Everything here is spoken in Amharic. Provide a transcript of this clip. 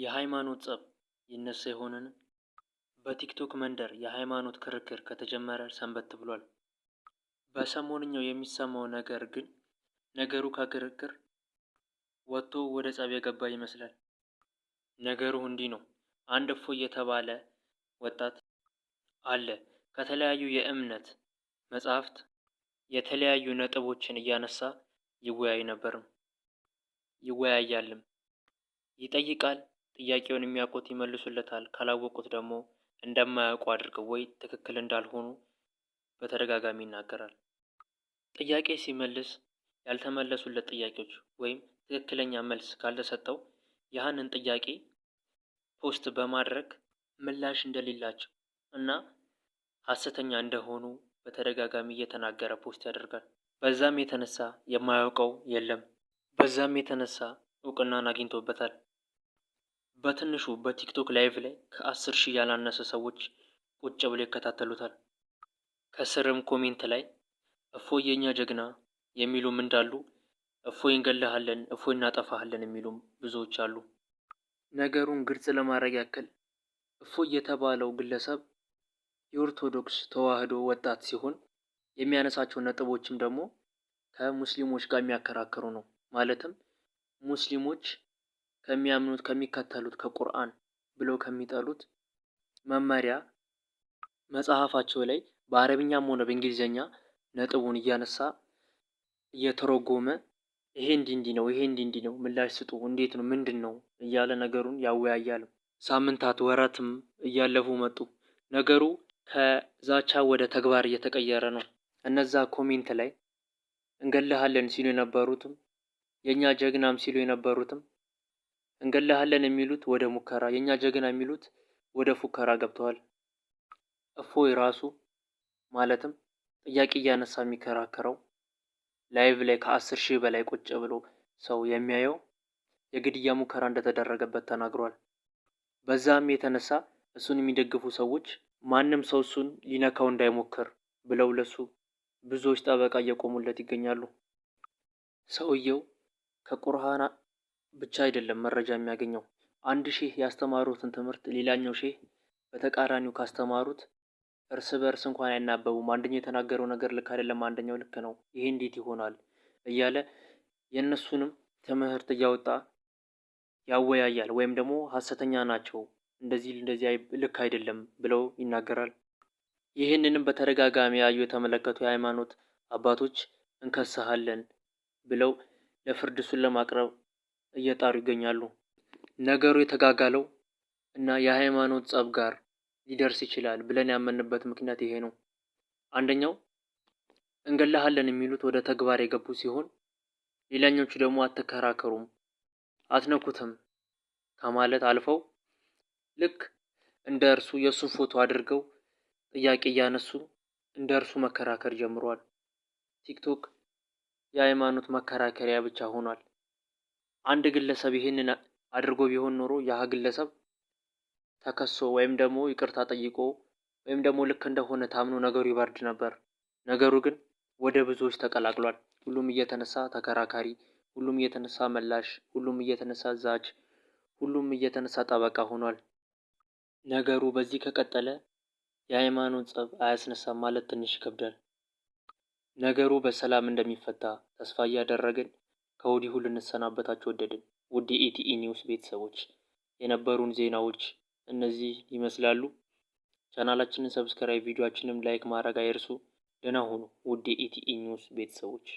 የሃይማኖት ጸብ ይነሳ ይሆንን? በቲክቶክ መንደር የሃይማኖት ክርክር ከተጀመረ ሰንበት ብሏል። በሰሞንኛው የሚሰማው ነገር ግን ነገሩ ከክርክር ወጥቶ ወደ ጸብ የገባ ይመስላል። ነገሩ እንዲህ ነው። አንድ እፎይ የተባለ ወጣት አለ። ከተለያዩ የእምነት መጽሐፍት የተለያዩ ነጥቦችን እያነሳ ይወያይ ነበርም ይወያያልም፣ ይጠይቃል ጥያቄውን የሚያውቁት ይመልሱለታል፣ ካላወቁት ደግሞ እንደማያውቁ አድርገው ወይ ትክክል እንዳልሆኑ በተደጋጋሚ ይናገራል። ጥያቄ ሲመልስ ያልተመለሱለት ጥያቄዎች ወይም ትክክለኛ መልስ ካልተሰጠው ያህንን ጥያቄ ፖስት በማድረግ ምላሽ እንደሌላቸው እና ሐሰተኛ እንደሆኑ በተደጋጋሚ እየተናገረ ፖስት ያደርጋል። በዛም የተነሳ የማያውቀው የለም። በዛም የተነሳ እውቅናን አግኝቶበታል። በትንሹ በቲክቶክ ላይቭ ላይ ከአስር ሺህ ያላነሰ ሰዎች ቁጭ ብለው ይከታተሉታል። ከስርም ኮሜንት ላይ እፎይ የኛ ጀግና የሚሉም እንዳሉ እፎይ እንገለሃለን፣ እፎይ እናጠፋሃለን የሚሉም ብዙዎች አሉ። ነገሩን ግልጽ ለማድረግ ያክል እፎይ የተባለው ግለሰብ የኦርቶዶክስ ተዋህዶ ወጣት ሲሆን የሚያነሳቸው ነጥቦችም ደግሞ ከሙስሊሞች ጋር የሚያከራክሩ ነው። ማለትም ሙስሊሞች ከሚያምኑት ከሚከተሉት ከቁርአን ብለው ከሚጠሉት መመሪያ መጽሐፋቸው ላይ በአረብኛም ሆነ በእንግሊዝኛ ነጥቡን እያነሳ እየተረጎመ ይሄ እንዲህ እንዲህ ነው፣ ይሄ እንዲህ እንዲህ ነው፣ ምላሽ ስጡ፣ እንዴት ነው፣ ምንድን ነው እያለ ነገሩን ያወያያል። ሳምንታት ወራትም እያለፉ መጡ። ነገሩ ከዛቻ ወደ ተግባር እየተቀየረ ነው። እነዛ ኮሜንት ላይ እንገልሃለን ሲሉ የነበሩትም የእኛ ጀግናም ሲሉ የነበሩትም እንገላሃለን የሚሉት ወደ ሙከራ፣ የእኛ ጀግና የሚሉት ወደ ፉከራ ገብተዋል። እፎይ ራሱ ማለትም ጥያቄ እያነሳ የሚከራከረው ላይቭ ላይ ከአስር ሺህ በላይ ቁጭ ብሎ ሰው የሚያየው የግድያ ሙከራ እንደተደረገበት ተናግሯል። በዛም የተነሳ እሱን የሚደግፉ ሰዎች ማንም ሰው እሱን ሊነካው እንዳይሞክር ብለው ለሱ ብዙዎች ጠበቃ እየቆሙለት ይገኛሉ። ሰውየው ከቁርሃና ብቻ አይደለም መረጃ የሚያገኘው። አንድ ሺህ ያስተማሩትን ትምህርት ሌላኛው ሺህ በተቃራኒው ካስተማሩት እርስ በእርስ እንኳን አይናበቡም። አንደኛው የተናገረው ነገር ልክ አይደለም፣ አንደኛው ልክ ነው። ይሄ እንዴት ይሆናል እያለ የእነሱንም ትምህርት እያወጣ ያወያያል። ወይም ደግሞ ሀሰተኛ ናቸው እንደዚህ እንደዚህ ልክ አይደለም ብለው ይናገራል። ይህንንም በተደጋጋሚ ያዩ የተመለከቱ የሃይማኖት አባቶች እንከስሃለን ብለው ለፍርድ እሱን ለማቅረብ እየጣሩ ይገኛሉ። ነገሩ የተጋጋለው እና የሃይማኖት ጸብ ጋር ሊደርስ ይችላል ብለን ያመንበት ምክንያት ይሄ ነው። አንደኛው እንገላሃለን የሚሉት ወደ ተግባር የገቡ ሲሆን፣ ሌላኞቹ ደግሞ አትከራከሩም፣ አትነኩትም ከማለት አልፈው ልክ እንደ እርሱ የእሱን ፎቶ አድርገው ጥያቄ እያነሱ እንደ እርሱ መከራከር ጀምሯል። ቲክቶክ የሃይማኖት መከራከሪያ ብቻ ሆኗል። አንድ ግለሰብ ይህንን አድርጎ ቢሆን ኖሮ ያህ ግለሰብ ተከሶ ወይም ደግሞ ይቅርታ ጠይቆ ወይም ደግሞ ልክ እንደሆነ ታምኖ ነገሩ ይበርድ ነበር። ነገሩ ግን ወደ ብዙዎች ተቀላቅሏል። ሁሉም እየተነሳ ተከራካሪ፣ ሁሉም እየተነሳ መላሽ፣ ሁሉም እየተነሳ ዛች፣ ሁሉም እየተነሳ ጠበቃ ሆኗል። ነገሩ በዚህ ከቀጠለ የሃይማኖት ጸብ አያስነሳም ማለት ትንሽ ይከብዳል። ነገሩ በሰላም እንደሚፈታ ተስፋ እያደረግን ከወዲሁ ልንሰናበታቸው ወደድን። ውድ የኢቲኢ ኒውስ ቤተሰቦች የነበሩን ዜናዎች እነዚህ ይመስላሉ። ቻናላችንን ሰብስክራይብ፣ ቪዲዮችንም ላይክ ማድረግ አይርሱ። ደህና ሁኑ ውድ የኢቲኢ ኒውስ ቤተሰቦች።